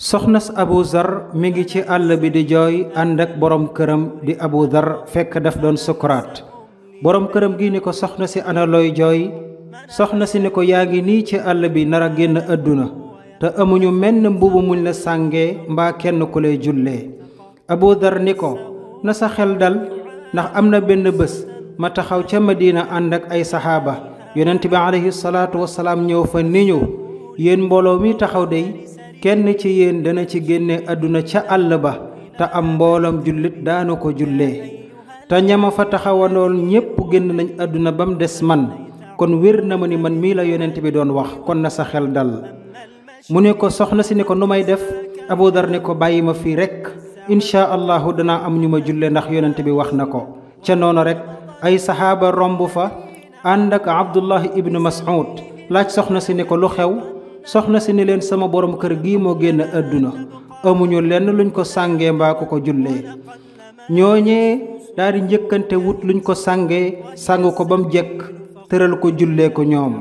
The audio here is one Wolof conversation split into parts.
soxna si abu zar mi ngi ci àll bi di jooy ànd ak borom këram di abu zar fekk daf doon sukuraat boroom këram gi ni ko soxna si ana looy jooy soxna si ni ko yaa ngi nii ci àll bi nar génn àdduna te amuñu menn mbubu muñ la sàngee mbaa kenn ku lay jullee abu zar ni ko na sa xel dal ndax am na benn bés ma taxaw ca madina ànd ak ay saxaaba yonent bi aleyhi salaatu wasalaam ñëw fa ni ñu yéen mbooloo mi taxaw dey kenn ci yéen dana ci génne àdduna ca àll ba te am mboolam jullit daana ko jullee te ñama fa taxawandool ñépp génn nañ àdduna ba mu des man kon wér na ma ni man mii la yonent bi doon wax kon na sa xel dal mu ne ko soxna si ne ko nu may def Abu Dar ne ko bàyyi ma fii rekk incha allahu danaa am ñu ma julle ndax yonent bi wax na ko ca noonu rekk ay saxaaba romb fa ànd ak Abdullah ibnu Mas'ud laaj soxna si ne ko lu xew soxna si ni leen sama boroom kër gi moo génn àdduna amuñu lenn luñ ko sàngee mbaa ko ko jullee ñooñee daal di njëkkante wut luñ ko sàngee sangu ko ba mu jekk tëral ko jullee ko ñoom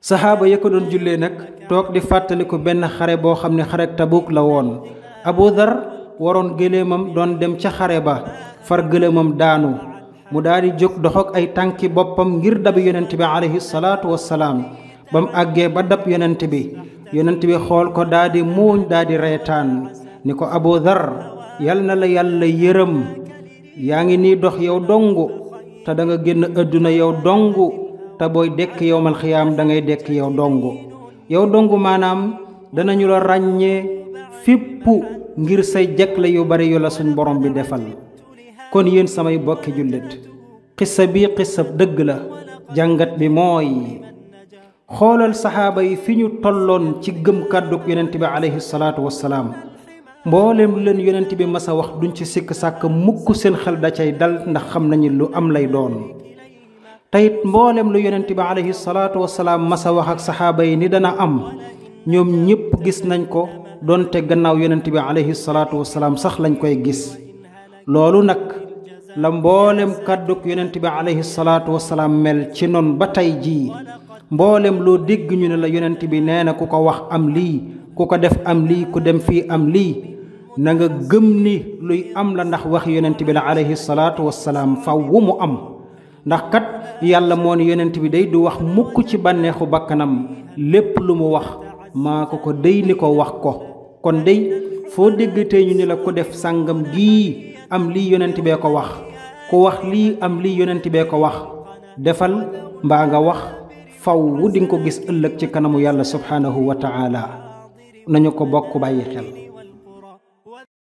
saxaaba ya ko doon jullee nag toog di fàttali ko benn xare boo xam ne xare Tabuk la woon Abu Dar waroon gëléemam doon dem ca xare ba far gëléemam daanu mu daldi di jóg dox ay tànki boppam ngir dabi yonent bi aleyhi salaatu wassalaam ba mu àggee ba dab yonent bi yonent bi xool ko daa di muuñ daa di reetaan ni ko abu dhar yal na la yàlla yërëm yaa ngi nii dox yow dong te da nga génn àdduna yow dong te booy dekk yow mal xiyaam da dekk yow dong yow dong maanaam danañu la ràññee fippu ngir say jekle yu bari yu la suñ borom bi defal kon yéen samay bokki jullit xissa bi dëgg la jàngat bi mooy xoolal saxaaba yi fi ñu tolloon ci gëm kàddug yonent bi aleyhi salaatu wassalaam mboolem lu leen yonent bi masa wax duñ ci sikk sàkk mukk seen xel da cay dal ndax xam nañu lu am lay doon teyit mboolem lu yonent bi aleyhi salaatu wassalaam masa wax ak saxaaba yi ni dana am ñoom ñëpp gis nañ ko doonte gannaaw yonent bi aleyhi salaatu wassalaam sax lañ koy gis loolu nag la mboolem kàddug yonent bi aleyhi salaatu wassalaam mel ci noon ba tey jii mboolem loo dégg ñu ne la yonent bi nee na ku ko wax am lii ku ko def am lii ku dem fii am lii nanga gëm ni luy am la ndax wax yonent bi la alayhi salaatu wassalaam faw wu mu am ndax kat yàlla moo ne yonent bi day du wax mukk ci bànneexu bakkanam lépp lu mu wax maa ko ko day ni ko wax ko kon day foo déggatee ñu ni la ku def sàngam gii am lii yonent bee ko wax ku wax lii am lii yonent bee ko wax defal mbaa nga wax faw di nga ko gis ëllëg ci kanamu yàlla subhaanahu wa ta'ala nañu ko bokk bàyyi xel